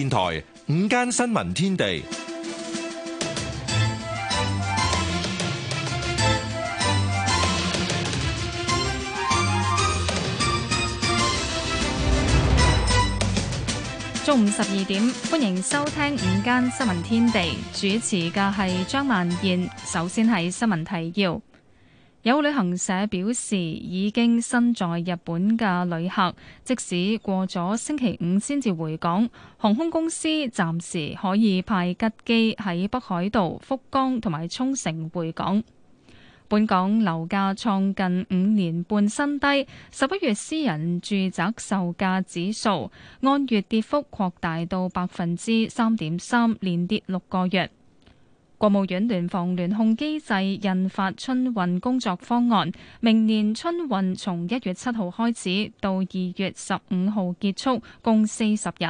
電台午間新聞天地，中午十二點，歡迎收聽午間新聞天地，主持嘅係張萬燕，首先係新聞提要。有旅行社表示，已經身在日本嘅旅客，即使過咗星期五先至回港，航空公司暫時可以派吉機喺北海道、福岡同埋沖繩回港。本港樓價創近五年半新低，十一月私人住宅售價指數按月跌幅擴大到百分之三點三，連跌六個月。國務院聯防聯控機制印發春運工作方案，明年春運從一月七號開始到二月十五號結束，共四十日。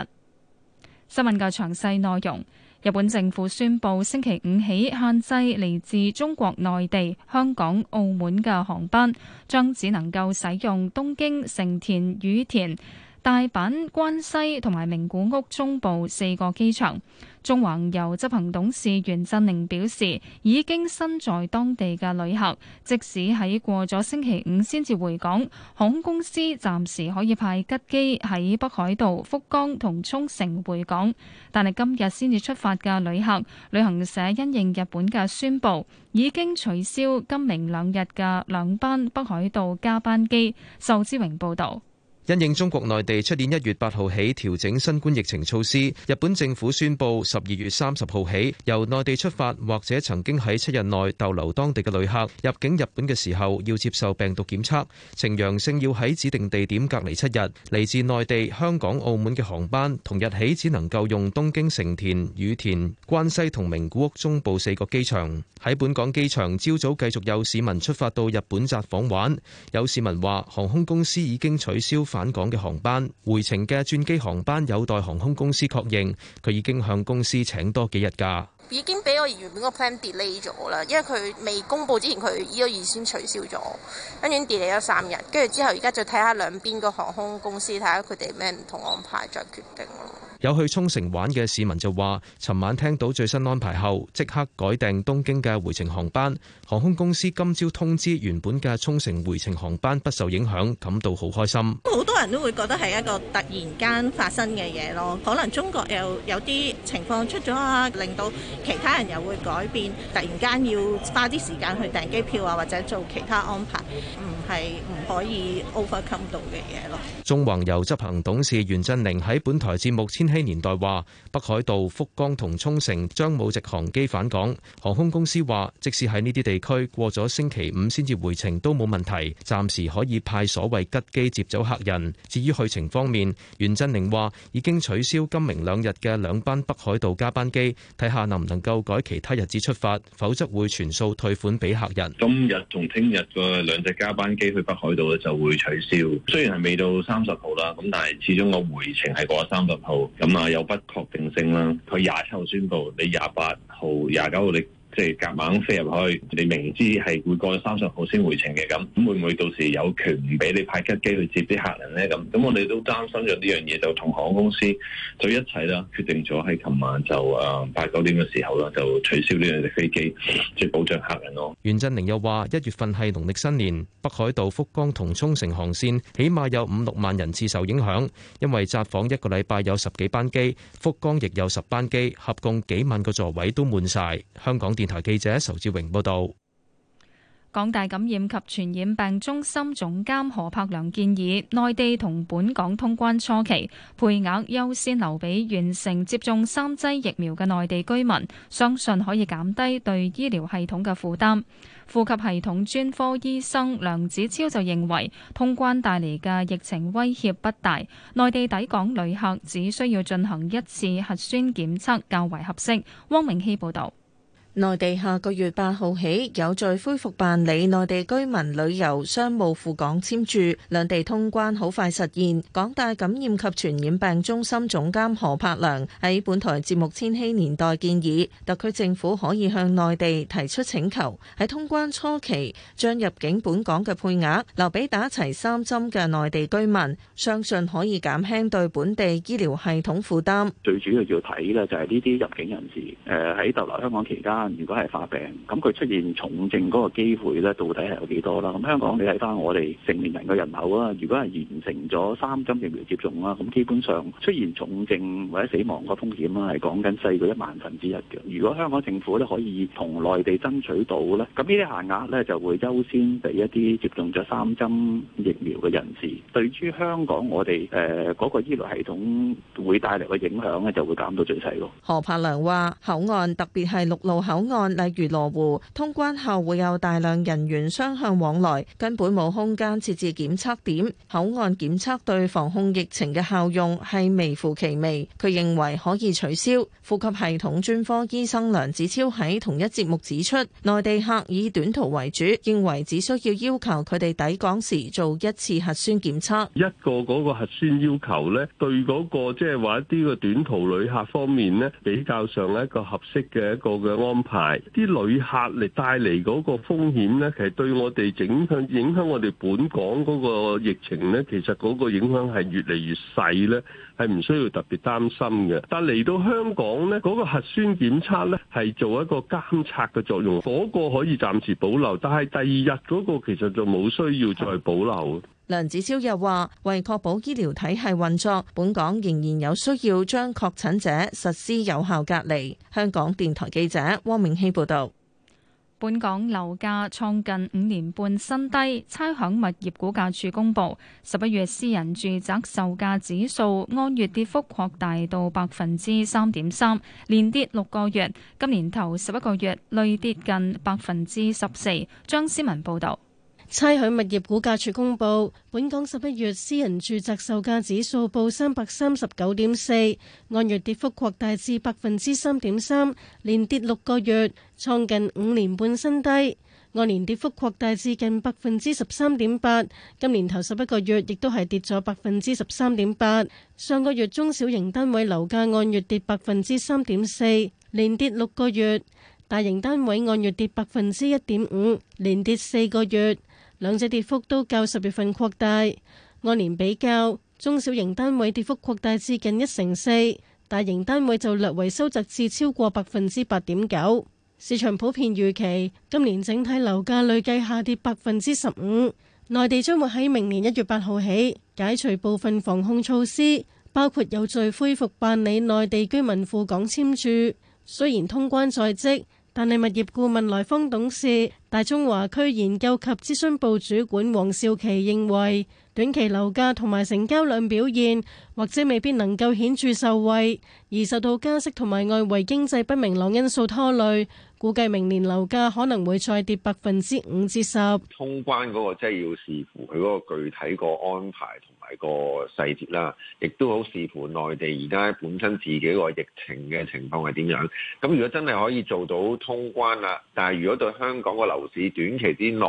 新聞嘅詳細內容，日本政府宣布星期五起限制嚟自中國內地、香港、澳門嘅航班，將只能夠使用東京、成田、羽田、大阪關西同埋名古屋中部四個機場，縱橫遊執行董事袁振寧表示，已經身在當地嘅旅客，即使喺過咗星期五先至回港，航空公司暫時可以派吉機喺北海道福岡同沖繩回港，但係今日先至出發嘅旅客，旅行社因應日本嘅宣布，已經取消今明兩日嘅兩班北海道加班機，受之榮報道。因應中國內地出年一月八號起調整新冠疫情措施，日本政府宣布十二月三十號起，由內地出發或者曾經喺七日內逗留當地嘅旅客，入境日本嘅時候要接受病毒檢測，呈陽性要喺指定地點隔離七日。嚟自內地、香港、澳門嘅航班，同日起只能夠用東京成田、羽田、關西同名古屋中部四個機場。喺本港機場，朝早繼續有市民出發到日本札幌玩。有市民話，航空公司已經取消發返港嘅航班，回程嘅專機航班有待航空公司確認。佢已經向公司請多幾日假，已經俾我原本個 plan delay 咗啦。因為佢未公布之前，佢呢個月先取消咗，跟住 delay 咗三日，跟住之後而家再睇下兩邊個航空公司，睇下佢哋咩唔同安排，再決定咯。有去沖繩玩嘅市民就話尋晚聽到最新安排後即刻改訂東京嘅回程航班。航空公司今朝通知原本嘅沖繩回程航班不受影響感到好開心。好多人都會覺得係一個突然間發生嘅嘢咯，可能中國又有啲情況出咗啊，令到其他人又會改變突然間要花啲時間去訂機票啊，或者做其他安排，唔係唔可以 overcome 到嘅嘢咯。縱橫遊執行董事袁振寧喺本台節目希年代話北海道福岡同沖繩將冇直航機返港，航空公司話即使喺呢啲地區過咗星期五先至回程都冇問題，暫時可以派所謂吉機接走客人。至於去程方面，袁振寧話已經取消今明兩日嘅兩班北海道加班機，睇下能唔能夠改其他日子出發，否則會全數退款俾客人。今日同聽日嘅兩隻加班機去北海道就會取消，雖然係未到三十號啦，咁但係始終個回程係過咗三十號。.咁啊、嗯，有不確定性啦。佢廿七號宣布，你廿八號、廿九號你。即係夾硬飛入去，你明知係會過三十號先回程嘅咁，咁會唔會到時有權唔俾你派吉機去接啲客人呢？咁咁我哋都擔心咗呢樣嘢，就同航空公司就一齊啦，決定咗喺琴晚就誒八九點嘅時候啦，就取消呢樣飛機，即係保障客人咯。袁振寧又話：一月份係農曆新年，北海道福岡同沖繩航線，起碼有五六萬人次受影響，因為札幌一個禮拜有十幾班機，福岡亦有十班機，合共幾萬個座位都滿晒。香港電台記者仇志榮報道，港大感染及傳染病中心總監何柏良建議，內地同本港通關初期配額優先留俾完成接種三劑疫苗嘅內地居民，相信可以減低對醫療系統嘅負擔。呼吸系統專科醫生梁子超就認為，通關帶嚟嘅疫情威脅不大，內地抵港旅客只需要進行一次核酸檢測較為合適。汪明希報道。內地下個月八號起有序恢復辦理內地居民旅遊、商務赴港簽注，兩地通關好快實現。港大感染及傳染病中心總監何柏良喺本台節目《千禧年代》建議，特區政府可以向內地提出請求，喺通關初期將入境本港嘅配額留俾打齊三針嘅內地居民，相信可以減輕對本地醫療系統負擔。最主要要睇咧就係呢啲入境人士，誒喺逗留香港期間。如果係發病，咁佢出現重症嗰個機會咧，到底係有幾多啦？咁香港你睇翻我哋成年人嘅人口啊，如果係完成咗三針疫苗接種啦，咁基本上出現重症或者死亡個風險啦，係講緊細過一萬分之一嘅。如果香港政府咧可以同內地爭取到咧，咁呢啲限額咧就會優先俾一啲接種咗三針疫苗嘅人士。對於香港我哋誒嗰個醫療系統會帶嚟嘅影響咧，就會減到最細咯。何柏良話：口岸特別係陸路。口岸例如羅湖通關後會有大量人員雙向往來，根本冇空間設置檢測點。口岸檢測對防控疫情嘅效用係微乎其微，佢認為可以取消。呼吸系統專科醫生梁子超喺同一節目指出，內地客以短途為主，認為只需要要求佢哋抵港時做一次核酸檢測。一個嗰個核酸要求咧，對嗰個即係話一啲個短途旅客方面咧，比較上一個合適嘅一個嘅安排啲旅客嚟帶嚟嗰個風險咧，其實對我哋影響影響我哋本港嗰個疫情咧，其實嗰個影響係越嚟越細咧，係唔需要特別擔心嘅。但嚟到香港咧，嗰個核酸檢測咧，係做一個監測嘅作用，嗰個可以暫時保留，但係第二日嗰個其實就冇需要再保留。梁子超又話：為確保醫療體系運作，本港仍然有需要將確診者實施有效隔離。香港電台記者汪明希報導。本港樓價創近五年半新低，差餉物業估價處公布十一月私人住宅售價指數按月跌幅擴大到百分之三點三，連跌六個月，今年頭十一個月累跌近百分之十四。張思文報導。差餉物業估價署公佈，本港十一月私人住宅售價指數報三百三十九點四，按月跌幅擴大至百分之三點三，連跌六個月，創近五年半新低。按年跌幅擴大至近百分之十三點八，今年頭十一個月亦都係跌咗百分之十三點八。上個月中小型單位樓價按月跌百分之三點四，連跌六個月；大型單位按月跌百分之一點五，連跌四個月。兩者跌幅都較十月份擴大，按年比較，中小型單位跌幅擴大至近一成四，大型單位就略為收窄至超過百分之八點九。市場普遍預期今年整體樓價累計下跌百分之十五。內地將會喺明年一月八號起解除部分防控措施，包括有序恢復辦理內地居民赴港簽注。雖然通關在即，但係物業顧問來豐董事、大中華區研究及諮詢部主管黃少奇認為，短期樓價同埋成交量表現或者未必能夠顯著受惠，而受到加息同埋外圍經濟不明朗因素拖累，估計明年樓價可能會再跌百分之五至十。通關嗰個即係要視乎佢嗰個具體個安排。係個細節啦，亦都好視乎內地而家本身自己個疫情嘅情況係點樣。咁如果真係可以做到通關啦，但係如果對香港個樓市短期之內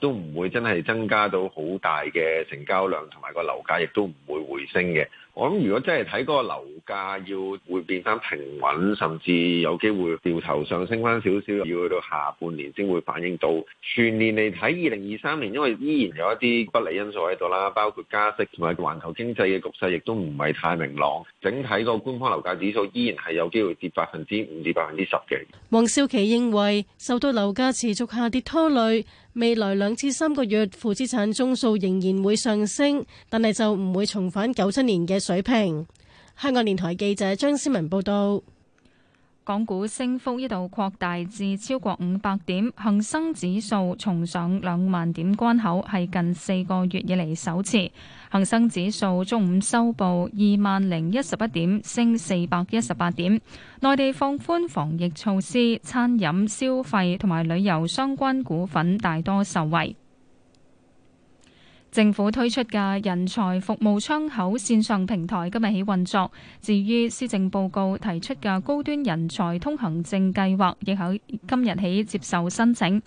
都唔會真係增加到好大嘅成交量，同埋個樓價亦都唔會回升嘅。我諗如果真係睇嗰個樓價要會變翻平穩，甚至有機會掉頭上升翻少少，要去到下半年先會反映到。全年嚟睇二零二三年，因為依然有一啲不利因素喺度啦，包括加息同埋環球經濟嘅局勢亦都唔係太明朗，整體個官方樓價指數依然係有機會跌百分之五至百分之十嘅。黃少琪認為，受到樓價持續下跌拖累，未來兩至三個月，負資產宗數仍然會上升，但係就唔會重返九七年嘅水平。香港電台記者張思文報道。港股升幅一度擴大至超過五百點，恆生指數重上兩萬點關口，係近四個月以嚟首次。恆生指數中午收報二萬零一十一點，升四百一十八點。內地放寬防疫措施，餐飲消費同埋旅遊相關股份大多受惠。政府推出嘅人才服務窗口線上平台今日起運作。至於施政報告提出嘅高端人才通行證計劃，亦喺今日起接受申請。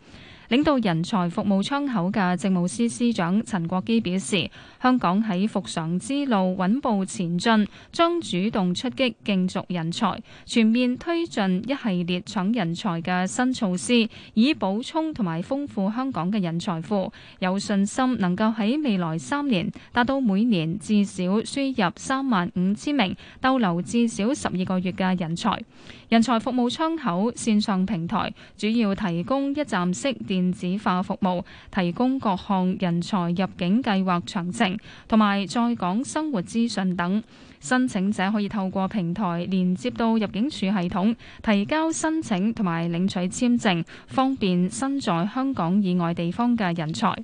領導人才服務窗口嘅政務司司長陳國基表示，香港喺復常之路穩步前進，將主動出擊競逐人才，全面推進一系列搶人才嘅新措施，以補充同埋豐富香港嘅人才庫，有信心能夠喺未來三年達到每年至少輸入三萬五千名逗留至少十二個月嘅人才。人才服務窗口線上平台主要提供一站式電子化服務，提供各項人才入境計劃詳情，同埋在港生活資訊等。申請者可以透過平台連接到入境處系統，提交申請同埋領取簽證，方便身在香港以外地方嘅人才。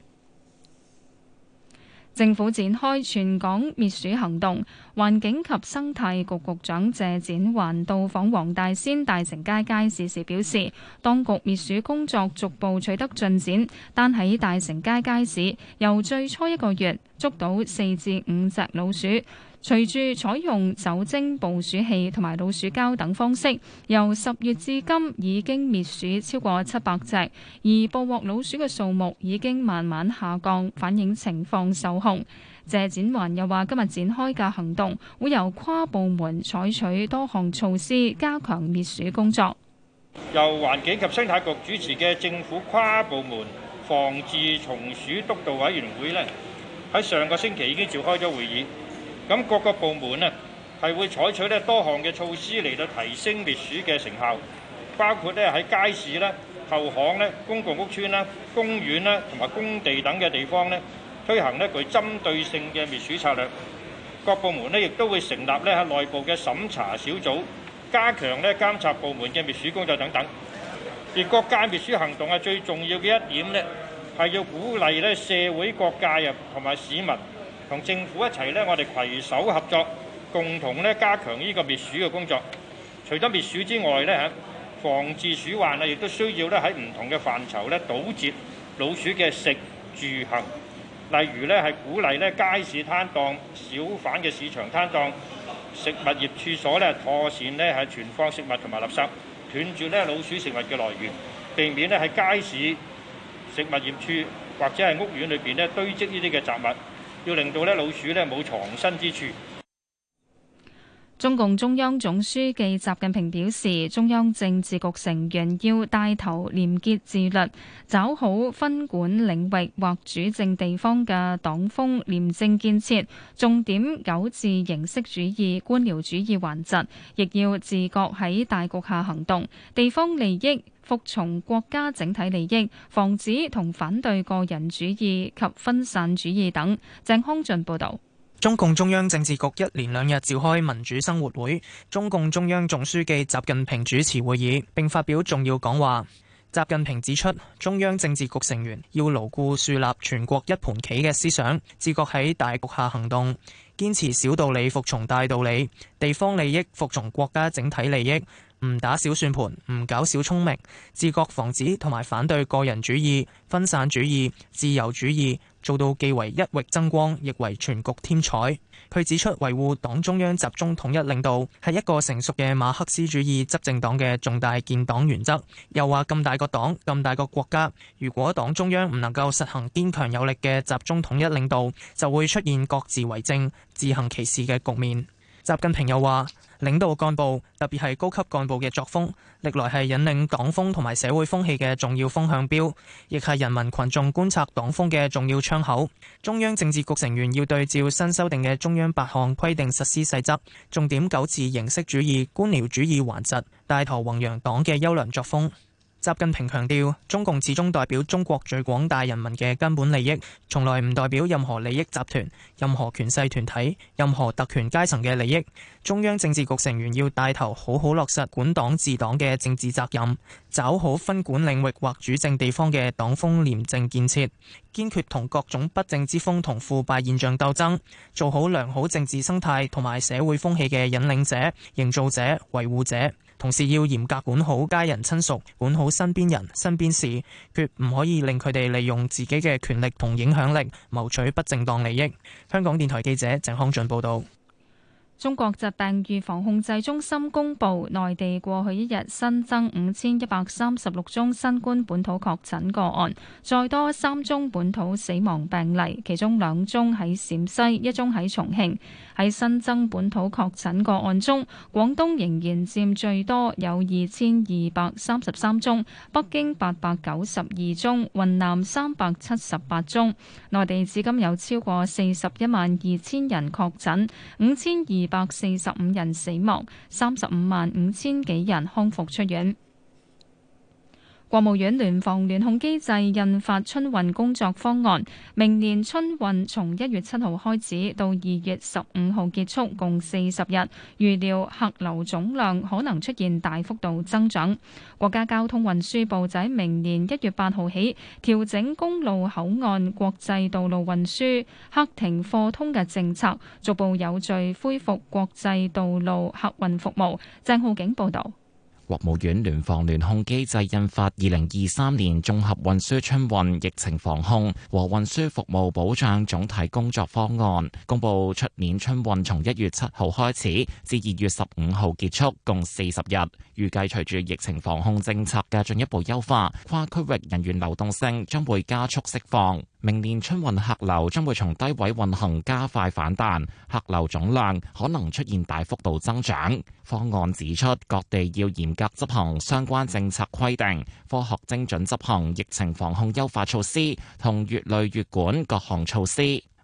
政府展開全港滅鼠行動，環境及生態局局長謝展寰到訪黃大仙大成街街市時表示，當局滅鼠工作逐步取得進展，但喺大成街街市由最初一個月捉到四至五隻老鼠。隨住採用酒精捕鼠器同埋老鼠膠等方式，由十月至今已經滅鼠超過七百隻，而捕獲老鼠嘅數目已經慢慢下降，反映情況受控。謝展環又話，今日展開嘅行動會由跨部門採取多項措施，加強滅鼠工作。由環境及生態局主持嘅政府跨部門防治蟲鼠督導委員會呢，喺上個星期已經召開咗會議。咁各個部門呢，係會採取咧多項嘅措施嚟到提升滅鼠嘅成效，包括咧喺街市咧、後巷咧、公共屋邨啦、公園啦同埋工地等嘅地方咧，推行咧具針對性嘅滅鼠策略。各部門咧亦都會成立咧喺內部嘅審查小組，加強咧監察部門嘅滅鼠工作等等。而國家滅鼠行動係，最重要嘅一點咧，係要鼓勵咧社會各界啊同埋市民，同政府一齊呢，我哋攜手合作，共同呢加強呢個滅鼠嘅工作。除咗滅鼠之外呢，防治鼠患啊，亦都需要呢喺唔同嘅範疇呢堵截老鼠嘅食住行。例如呢係鼓勵呢街市攤檔、小販嘅市場攤檔食物業處所呢妥善呢係存放食物同埋垃圾，斷絕呢老鼠食物嘅來源，避免呢喺街市食物業處或者係屋苑裏邊呢堆積呢啲嘅雜物。要令到咧老鼠咧冇藏身之處。中共中央總書記習近平表示，中央政治局成員要帶頭廉潔自律，抓好分管領域或主政地方嘅黨風廉政建設，重點糾治形式主義、官僚主義環疾，亦要自覺喺大局下行動，地方利益服從國家整體利益，防止同反對個人主義及分散主義等。鄭康俊報道。中共中央政治局一連兩日召開民主生活會，中共中央總書記習近平主持會議並發表重要講話。習近平指出，中央政治局成員要牢固樹立全國一盤棋嘅思想，自覺喺大局下行動，堅持小道理服從大道理，地方利益服從國家整體利益，唔打小算盤，唔搞小聰明，自覺防止同埋反對個人主義、分散主義、自由主義。做到既為一域增光，亦為全局添彩。佢指出，維護黨中央集中統一領導係一個成熟嘅馬克思主義執政黨嘅重大建黨原則。又話咁大個黨、咁大個國家，如果黨中央唔能夠實行堅強有力嘅集中統一領導，就會出現各自為政、自行其是嘅局面。習近平又話。領導幹部，特別係高級幹部嘅作風，歷來係引領黨風同埋社會風氣嘅重要風向標，亦係人民群眾觀察黨風嘅重要窗口。中央政治局成員要對照新修訂嘅中央八項規定實施細則，重點糾治形式主義、官僚主義頑疾，帶頭弘揚黨嘅優良作風。習近平強調，中共始終代表中國最廣大人民嘅根本利益，從來唔代表任何利益集團、任何權勢團體、任何特權階層嘅利益。中央政治局成員要帶頭好好落實管黨治黨嘅政治責任，抓好分管領域或主政地方嘅黨風廉政建設，堅決同各種不正之風同腐敗現象鬥爭，做好良好政治生態同埋社會風氣嘅引領者、營造者、維護者。同時要嚴格管好家人親屬，管好身邊人、身邊事，決唔可以令佢哋利用自己嘅權力同影響力，謀取不正當利益。香港電台記者鄭康俊報導。中國疾病預防控制中心公布，內地過去一日新增五千一百三十六宗新冠本土確診個案，再多三宗本土死亡病例，其中兩宗喺陝西，一宗喺重慶。喺新增本土確診個案中，廣東仍然佔最多，有二千二百三十三宗，北京八百九十二宗，雲南三百七十八宗。內地至今有超過四十一萬二千人確診，五千二百四十五人死亡，三十五萬五千幾人康復出院。國務院聯防聯控機制印發春運工作方案，明年春運從一月七號開始到二月十五號結束，共四十日，預料客流總量可能出現大幅度增長。國家交通運輸部自明年一月八號起調整公路口岸國際道路運輸客停貨通嘅政策，逐步有序恢復國際道路客運服務。鄭浩景報道。國務院聯防聯控機制印發《二零二三年綜合運輸春運疫情防控和運輸服務保障總體工作方案》，公布出年春運從一月七號開始至二月十五號結束，共四十日。預計隨住疫情防控政策嘅進一步優化，跨區域人員流動性將會加速釋放。明年春運客流將會從低位運行加快反彈，客流總量可能出現大幅度增長。方案指出，各地要嚴格執行相關政策規定，科學精準執行疫情防控優化措施同乙類乙管各項措施，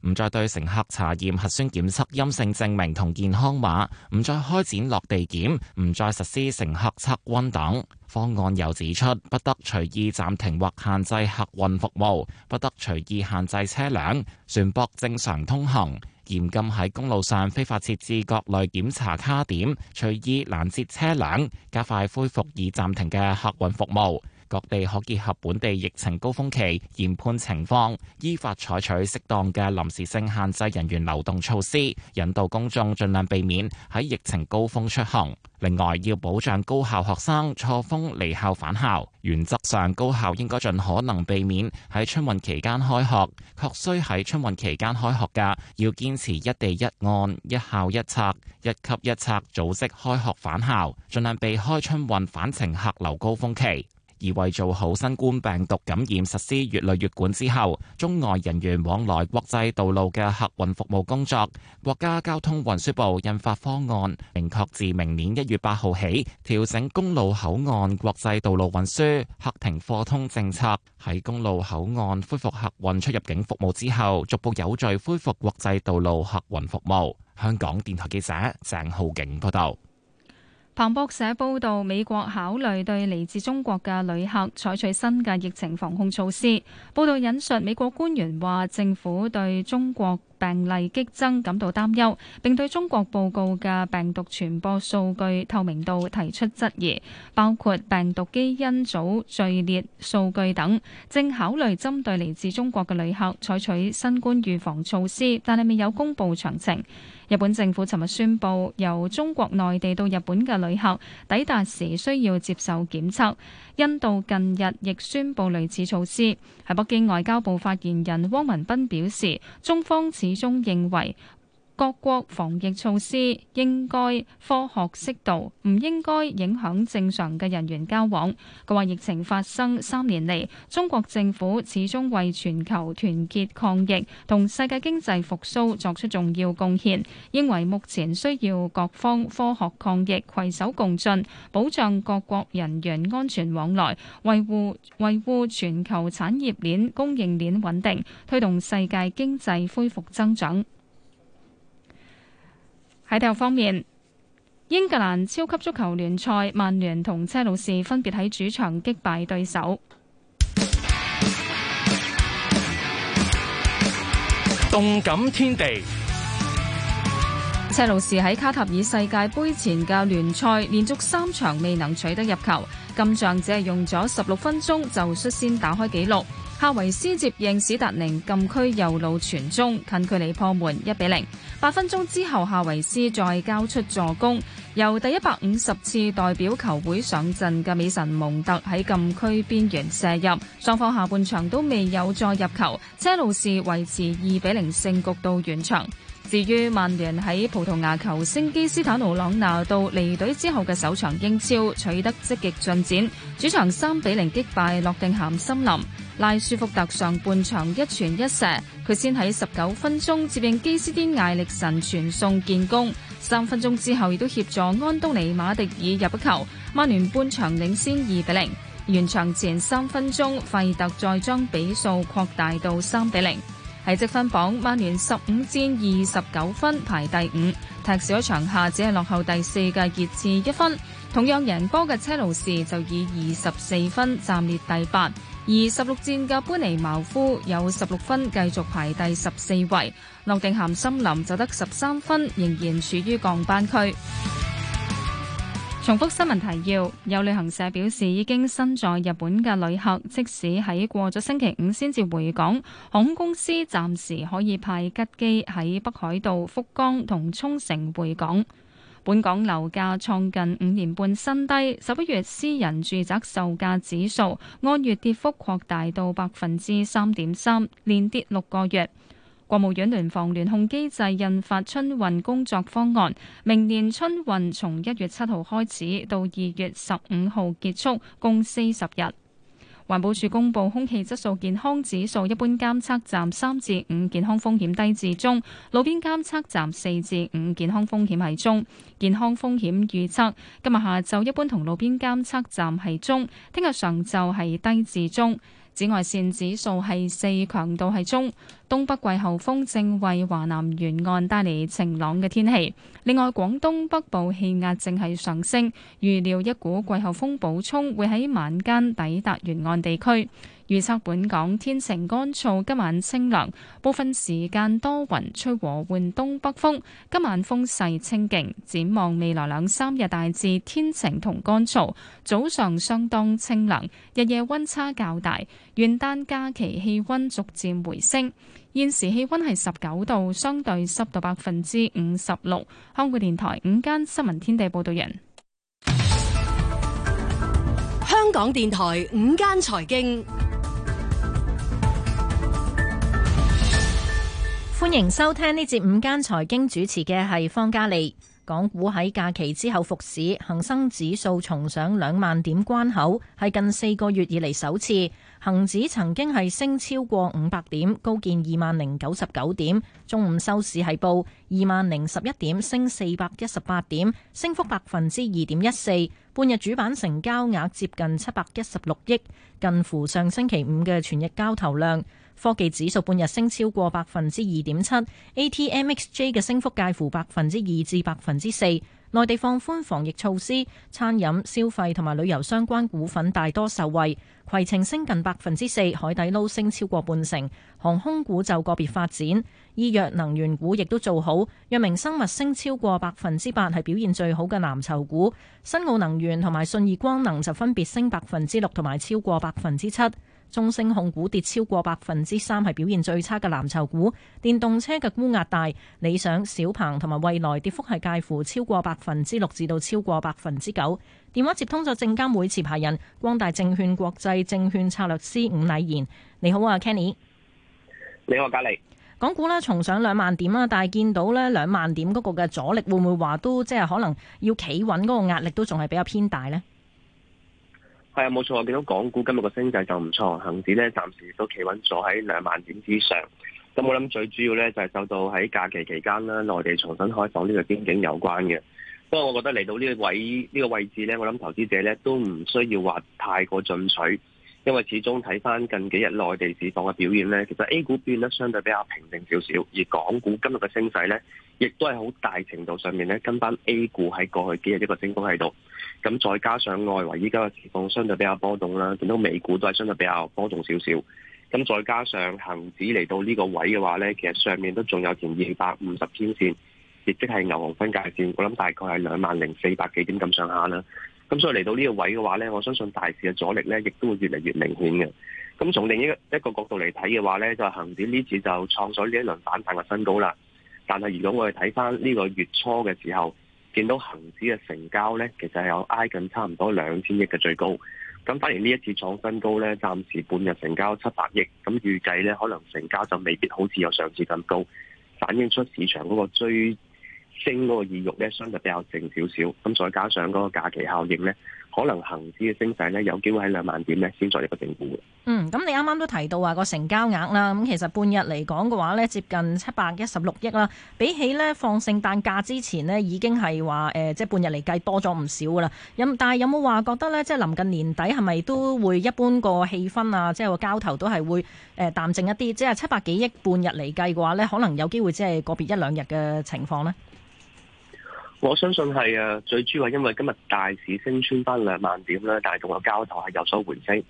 唔再對乘客查驗核酸檢測陰性證明同健康碼，唔再開展落地檢，唔再實施乘客測温等。方案又指出，不得隨意暫停或限制客運服務，不得隨意限制車輛、船舶正常通行，嚴禁喺公路上非法設置各類檢查卡點、隨意攔截車輛，加快恢復已暫停嘅客運服務。各地可結合本地疫情高峰期研判情況，依法採取適當嘅臨時性限制人員流動措施，引導公眾盡量避免喺疫情高峰出行。另外，要保障高校學生錯峰離校返校，原則上高校應該盡可能避免喺春運期間開學。確需喺春運期間開學嘅，要堅持一地一案、一校一策、一級一策，組織開學返校，盡量避開春運返程客流高峰期。而為做好新冠病毒感染實施越嚟越管之後，中外人員往來國際道路嘅客運服務工作，國家交通運輸部印發方案，明確自明年一月八號起調整公路口岸國際道路運輸客停貨通政策。喺公路口岸恢復客運出入境服務之後，逐步有序恢復國際道路客運服務。香港電台記者鄭浩景報道。彭博社報導，美國考慮對嚟自中國嘅旅客採取新嘅疫情防控措施。報導引述美國官員話：政府對中國病例激增感到擔憂，並對中國報告嘅病毒傳播數據透明度提出質疑，包括病毒基因組、序列數據等。正考慮針對嚟自中國嘅旅客採取新冠預防措施，但係未有公布詳情。日本政府尋日宣布，由中國內地到日本嘅旅客抵達時需要接受檢測。印度近日亦宣布類似措施。喺北京外交部發言人汪文斌表示，中方始終認為，各國防疫措施應該科學適度，唔應該影響正常嘅人員交往。佢話疫情發生三年嚟，中國政府始終為全球團結抗疫，同世界經濟復甦作出重要貢獻，認為目前需要各方科學抗疫，攜手共進，保障各國人員安全往來，維護全球產業鏈、供應鏈穩定，推動世界經濟恢復增長。維護，喺體育方面，英格蘭超級足球聯賽，曼聯同車路士分別喺主場擊敗對手。動感天地，車路士喺卡塔爾世界杯前嘅聯賽連續三場未能取得入球，今仗只係用咗十六分鐘就率先打開紀錄。夏維斯接應史達寧禁區右路傳中，近距離破門一比零。八分鐘之後，夏維斯再交出助攻，由第一百五十次代表球會上陣嘅美神蒙特喺禁區邊緣射入。雙方下半場都未有再入球，車路士維持二比零勝局到完場。至於曼聯喺葡萄牙球星基斯坦奴·朗拿度離隊之後嘅首場英超取得積極進展，主場三比零擊敗諾定咸森林。拉舒福特上半場一傳一射，佢先喺十九分鐘接應基斯丁·艾力神傳送建功，三分鐘之後亦都協助安東尼·馬迪爾入一球，曼聯半場領先二比零。完場前三分鐘，費特再將比數擴大到三比零。喺積分榜，曼聯十五戰二十九分排第五，踢少咗場下只係落後第四嘅熱刺一分。同樣贏波嘅車路士就以二十四分暫列第八，而十六戰嘅般尼茅夫有十六分繼續排第十四位，諾定咸森林就得十三分，仍然處於降班區。重複新聞提要，有旅行社表示，已經身在日本嘅旅客，即使喺過咗星期五先至回港，航空公司暫時可以派吉機喺北海道、福岡同沖繩回港。本港樓價創近五年半新低，十一月私人住宅售價指數按月跌幅擴大到百分之三點三，連跌六個月。國務院聯防聯控機制印發春運工作方案，明年春運從一月七號開始到二月十五號結束，共四十日。環保署公布空氣質素健康指數，一般監測站三至五，健康風險低至中；路邊監測站四至五，健康風險係中。健康風險預測今日下晝一般同路邊監測站係中，聽日上晝係低至中。紫外線指數係四，強度係中。東北季候風正為華南沿岸帶嚟晴朗嘅天氣。另外，廣東北部氣壓正係上升，預料一股季候風補充會喺晚間抵達沿岸地區。預測本港天晴乾燥，今晚清涼，部分時間多雲，吹和緩東北風。今晚風勢清勁。展望未來兩三日大致天晴同乾燥，早上相當清涼，日夜溫差較大。元旦假期氣溫逐漸回升，現時氣溫係十九度，相對濕度百分之五十六。香港電台午間新聞天地報道人，香港電台午間財經。歡迎收聽呢節午間財經，主持嘅係方嘉莉。港股喺假期之後復市，恒生指數重上兩萬點關口，係近四個月以嚟，首次。恒指曾經係升超過五百點，高見二萬零九十九點。中午收市係報二萬零十一點，升四百一十八點，升幅百分之二點一四。半日主板成交額接近七百一十六億，近乎上星期五嘅全日交投量。科技指數半日升超過百分之二點七，ATMXJ 嘅升幅介乎百分之二至百分之四。內地放寬防疫措施，餐飲消費同埋旅遊相關股份大多受惠，攜程升近百分之四，海底撈升超過半成，航空股就個別發展，醫藥能源股亦都做好，藥明生物升超過百分之八，係表現最好嘅藍籌股。新奧能源同埋信義光能就分別升百分之六同埋超過百分之七。中升控股跌超過百分之三，係表現最差嘅藍籌股。電動車嘅沽壓大，理想、小鵬同埋蔚來跌幅係介乎超過百分之六至到超過百分之九。電話接通咗證監會持牌人，光大證券國際證券策略師伍禮賢，你好啊 Kenny。你好，我嘉麗。港股咧，重上兩萬點啦，但係見到咧，兩萬點嗰個嘅阻力會唔會話都即係可能要企穩嗰個壓力都仲係比較偏大呢？係啊，冇錯，見到港股今日個升勢就唔錯，恆指咧暫時都企穩咗喺兩萬點之上。咁我諗最主要咧就係、是、受到喺假期期間啦，內地重新開放呢個邊境有關嘅。不過我覺得嚟到呢個位呢、這個位置咧，我諗投資者咧都唔需要話太過進取，因為始終睇翻近幾日內地市況嘅表現咧，其實 A 股變得相對比較平靜少少，而港股今日嘅升勢咧，亦都係好大程度上面咧跟翻 A 股喺過去幾日一個升幅喺度。咁再加上外圍依家嘅情況相對比較波動啦，見到美股都係相對比較波動少少。咁再加上恒指嚟到呢個位嘅話呢，其實上面都仲有條二百五十天線，亦即係牛熊分界線。我諗大概係兩萬零四百幾點咁上下啦。咁所以嚟到呢個位嘅話呢，我相信大市嘅阻力呢亦都會越嚟越明顯嘅。咁從另一一個角度嚟睇嘅話呢，就係恒指呢次就創咗呢一輪反彈嘅新高啦。但係如果我哋睇翻呢個月初嘅時候，見到恒指嘅成交呢，其實係有挨近差唔多兩千億嘅最高。咁反而呢一次創新高呢，暫時半日成交七百億。咁預計呢，可能成交就未必好似有上次咁高，反映出市場嗰個追升嗰個意欲呢，相對比較靜少少。咁再加上嗰個假期效應呢。可能恒指嘅升勢呢，有機會喺兩萬點咧，先再一個整固。嗯，咁你啱啱都提到話個成交額啦，咁其實半日嚟講嘅話呢，接近七百一十六億啦，比起呢放聖誕假之前呢，已經係話誒，即係半日嚟計多咗唔少噶啦。但有但係有冇話覺得呢？即係臨近年底係咪都會一般個氣氛啊，即係個交投都係會誒、呃、淡靜一啲？即係七百幾億半日嚟計嘅話呢，可能有機會即係個別一兩日嘅情況呢。我相信係啊，最主要係因為今日大市升穿翻兩萬點啦，大眾嘅交投係有所回升。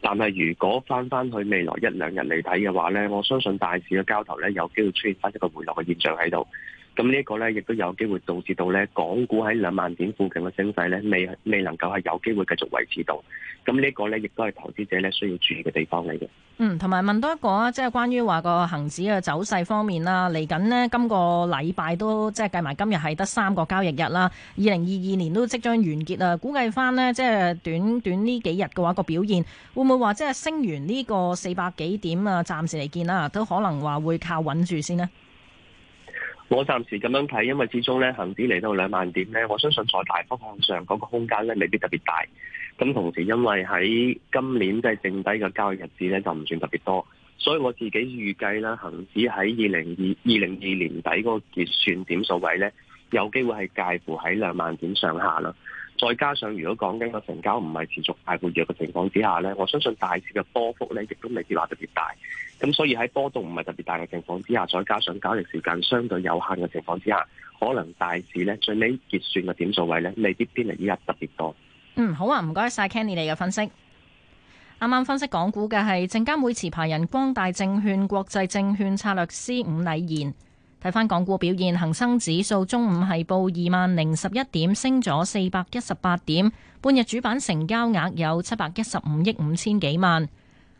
但係如果翻翻去未來一兩日嚟睇嘅話咧，我相信大市嘅交投咧，有機會出現翻一個回落嘅現象喺度。咁呢個咧，亦都有機會導致到咧，港股喺兩萬點附近嘅升勢咧，未未能夠係有機會繼續維持到。咁呢個咧，亦都係投資者咧需要注意嘅地方嚟嘅。嗯，同埋問多一個啊，即係關於話個恆指嘅走勢方面啦，嚟緊呢，今個禮拜都即係計埋今日係得三個交易日啦。二零二二年都即將完結啦，估計返呢，即係短短呢幾日嘅話個表現，會唔會話即係升完呢個四百幾點啊？暫時嚟見啦，都可能話會靠穩住先咧。我暫時咁樣睇，因為始終咧，恒指嚟到兩萬點咧，我相信在大方向上嗰個空間咧，未必特別大。咁同時，因為喺今年即係剩低嘅交易日子咧，就唔算特別多，所以我自己預計啦，恒指喺二零二二零二年底嗰個結算點數位咧，有機會係介乎喺兩萬點上下啦。再加上，如果講緊個成交唔係持續太活躍嘅情況之下咧，我相信大市嘅波幅呢亦都未必話特別大。咁所以喺波動唔係特別大嘅情況之下，再加上交易時間相對有限嘅情況之下，可能大市呢最尾結算嘅點數位呢未必偏離依家特別多。嗯，好啊，唔該晒 Kenny 你嘅分析。啱啱分析港股嘅係證監會持牌人光大證券國際證券策略師伍禮賢。睇返港股表現，恒生指數中午係報二萬零十一點，升咗四百一十八點，半日主板成交額有七百一十五億五千幾萬。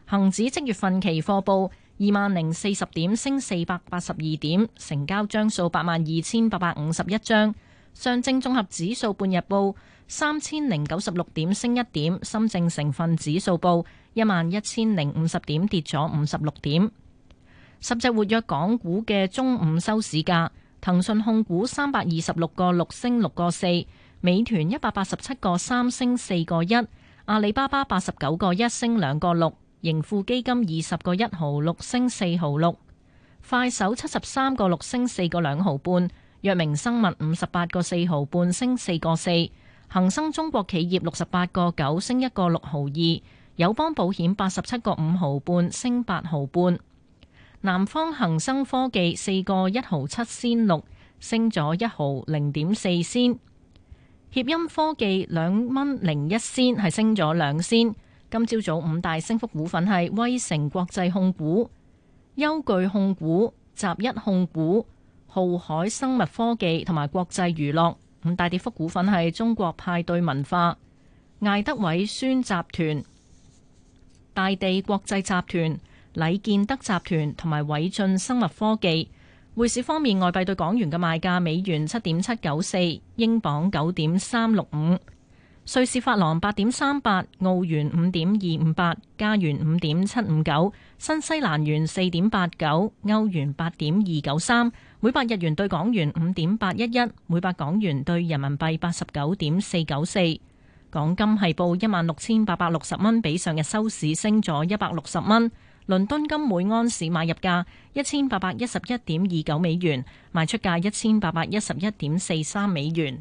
恒指即月份期貨報二萬零四十點，升四百八十二點，成交張數八萬二千八百五十一張。上證綜合指數半日報三千零九十六點，升一點。深證成分指數報一萬一千零五十點，跌咗五十六點。十隻活躍港股嘅中午收市價：騰訊控股三百二十六個六升六個四，美團一百八十七個三升四個一，阿里巴巴八十九個一升兩個六，盈富基金二十個一毫六升四毫六，快手七十三個六升四個兩毫半，藥明生物五十八個四毫半升四個四，恒生中國企業六十八個九升一個六毫二，友邦保險八十七個五毫半升八毫半。南方恆生科技四個一毫七仙六，升咗一毫零點四仙。協鑫科技兩蚊零一仙，係升咗兩仙。今朝早，早五大升幅股份係威城國際控股、優巨控股、集一控股、浩海生物科技同埋國際娛樂。五大跌幅股份係中國派對文化、艾德偉宣集團、大地國際集團。禮建德集團同埋偉進生物科技。匯市方面，外幣對港元嘅賣價：美元七點七九四，英鎊九點三六五，瑞士法郎八點三八，澳元五點二五八，加元五點七五九，新西蘭元四點八九，歐元八點二九三，每百日元對港元五點八一一，每百港元對人民幣八十九點四九四。港金係報一萬六千八百六十蚊，比上日收市升咗一百六十蚊。倫敦金每盎司買入價一千八百一十一點二九美元，賣出價一千八百一十一點四三美元。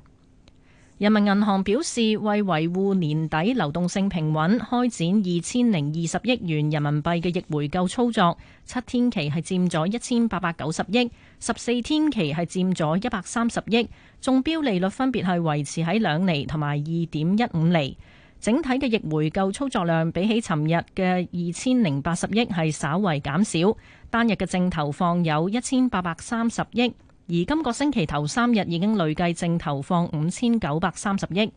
人民銀行表示，為維護年底流動性平穩，開展二千零二十億元人民幣嘅逆回購操作，七天期係佔咗一千八百九十億，十四天期係佔咗一百三十億，中標利率分別係維持喺兩厘同埋二點一五厘。整體嘅逆回購操作量比起尋日嘅二千零八十億係稍為減少，單日嘅淨投放有一千八百三十億，而今個星期頭三日已經累計淨投放五千九百三十億。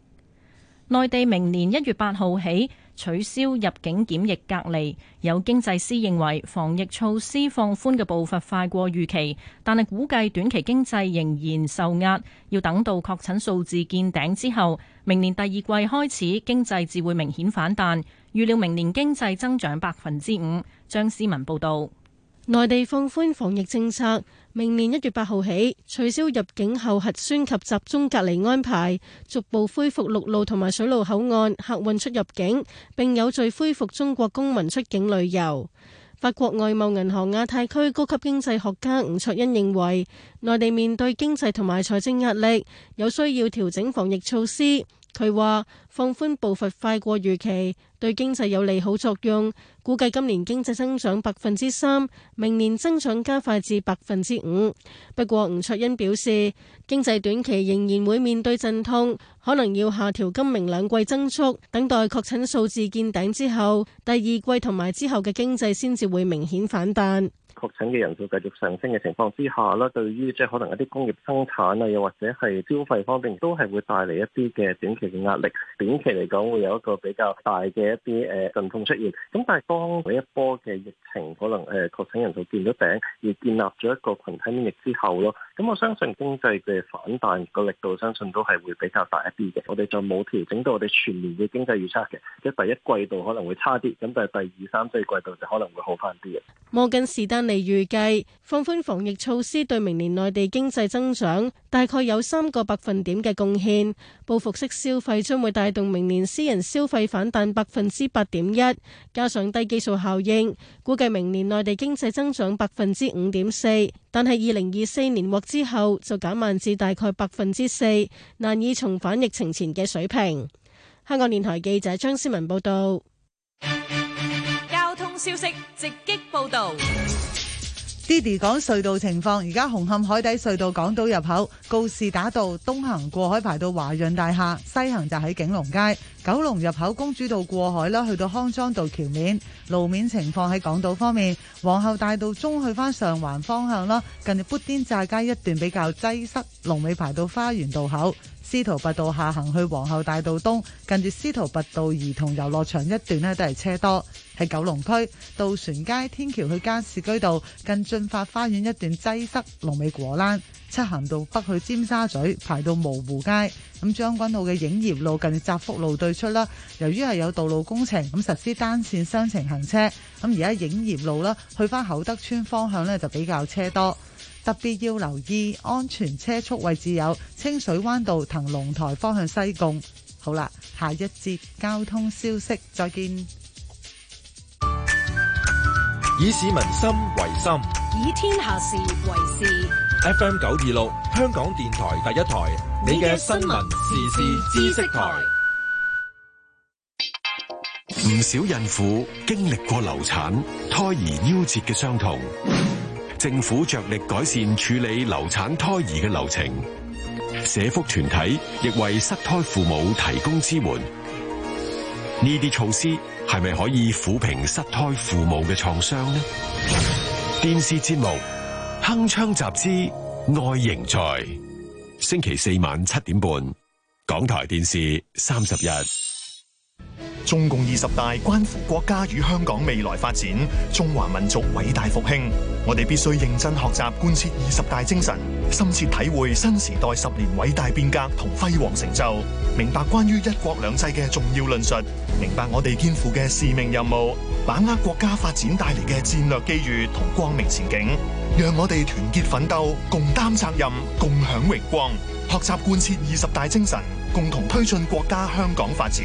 內地明年一月八號起取消入境檢疫隔離。有經濟師認為防疫措施放寬嘅步伐快過預期，但係估計短期經濟仍然受壓，要等到確診數字見頂之後，明年第二季開始經濟自會明顯反彈。預料明年經濟增長百分之五。張思文報道。內地放寬防疫政策，明年一月八號起，取消入境後核酸及集中隔離安排，逐步恢復陸路同埋水路口岸客運出入境，並有序恢復中國公民出境旅遊。法國外貿銀行亞太區高級經濟學家吳卓恩認為，內地面對經濟同埋財政壓力，有需要調整防疫措施。佢話放寬步伐快過預期，對經濟有利好作用，估計今年經濟增長百分之三，明年增長加快至百分之五。不過，吳卓欣表示，經濟短期仍然會面對陣痛，可能要下調今明兩季增速，等待確診數字見頂之後，第二季同埋之後嘅經濟先至會明顯反彈。確診嘅人數繼續上升嘅情況之下咧，對於即係可能一啲工業生產啊，又或者係消費方面，都係會帶嚟一啲嘅短期嘅壓力。短期嚟講，會有一個比較大嘅一啲誒陣痛出現。咁但係當每一波嘅疫情可能誒確診人數見咗頂，而建立咗一個群體免疫之後咯，咁我相信經濟嘅反彈個力度，相信都係會比較大一啲嘅。我哋就冇調整到我哋全年嘅經濟預測嘅，即係第一季度可能會差啲，咁但係第二、三、四季度就可能會好翻啲嘅。摩根士丹嚟預計放寬防疫措施對明年內地經濟增長大概有三個百分點嘅貢獻，報復式消費將會帶動明年私人消費反彈百分之八點一，加上低基數效應，估計明年內地經濟增長百分之五點四。但係二零二四年或之後就減慢至大概百分之四，難以重返疫情前嘅水平。香港電台記者張思文報道。交通消息直擊報道。Diddy 講隧道情況，而家紅磡海底隧道港島入口告士打道東行過海排到華潤大廈，西行就喺景隆街；九龍入口公主道過海啦，去到康莊道橋面路面情況。喺港島方面，皇后大道中去返上環方向啦，近日砵甸乍街一段比較擠塞，龍尾排到花園道口。司徒拔道下行去皇后大道東，近住司徒拔道兒童遊樂場一段呢，都係車多。喺九龍區，渡船街天橋去加士居道近駿發花園一段擠塞，龍尾果欄。漆咸道北去尖沙咀排到蕪湖街。咁將軍澳嘅影業路近住澤福路對出啦，由於係有道路工程，咁實施單線雙程行車，咁而家影業路啦，去翻厚德邨方向呢，就比較車多。特別要留意安全車速位置，有清水灣道騰龍台方向西貢。好啦，下一節交通消息，再見。以市民心為心，以天下事為事。F M 九二六，香港電台第一台，你嘅新聞時事知識台。唔少孕婦經歷過流產、胎兒夭折嘅傷痛。 政府着力改善處理流產胎兒嘅流程，社福團體亦為失胎父母提供支援。呢啲措施係咪可以撫平失胎父母嘅創傷呢？電視節目《鏗鏘集》子愛仍在，星期四晚七點半，港台電視三十日。中共二十大關乎國家與香港未來發展，中華民族偉大復興。我哋必須認真學習貫徹二十大精神，深切體會新時代十年偉大變革同輝煌成就，明白關於一國兩制嘅重要論述，明白我哋肩負嘅使命任務，把握國家發展帶嚟嘅戰略機遇同光明前景，讓我哋團結奮鬥，共擔責任，共享榮光，學習貫徹二十大精神，共同推進國家香港發展。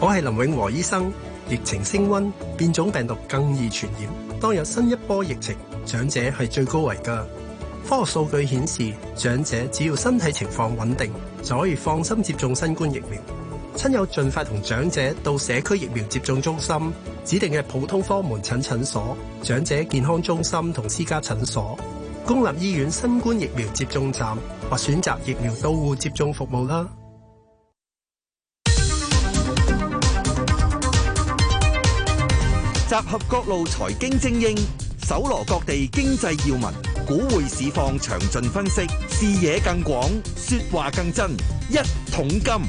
我係林永和醫生，疫情升溫，變種病毒更易傳染。當有新一波疫情，長者係最高危㗎。科學數據顯示，長者只要身體情況穩定，就可以放心接種新冠疫苗。親友盡快同長者到社區疫苗接種中心、指定嘅普通科門診診所、長者健康中心同私家診所、公立醫院新冠疫苗接種站，或選擇疫苗到戶接種服務啦。集合各路財經精英，搜羅各地經濟要聞，股匯市況詳盡分析，視野更廣，說話更真。一桶金，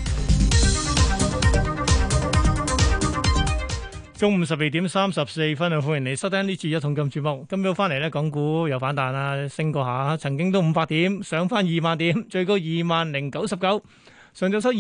中午十二點三十四分，歡迎你收聽呢次一桶金節目。今早翻嚟呢，港股有反彈啦，升過下，曾經都五百點，上翻二萬點，最高二萬零九十九，上晝收。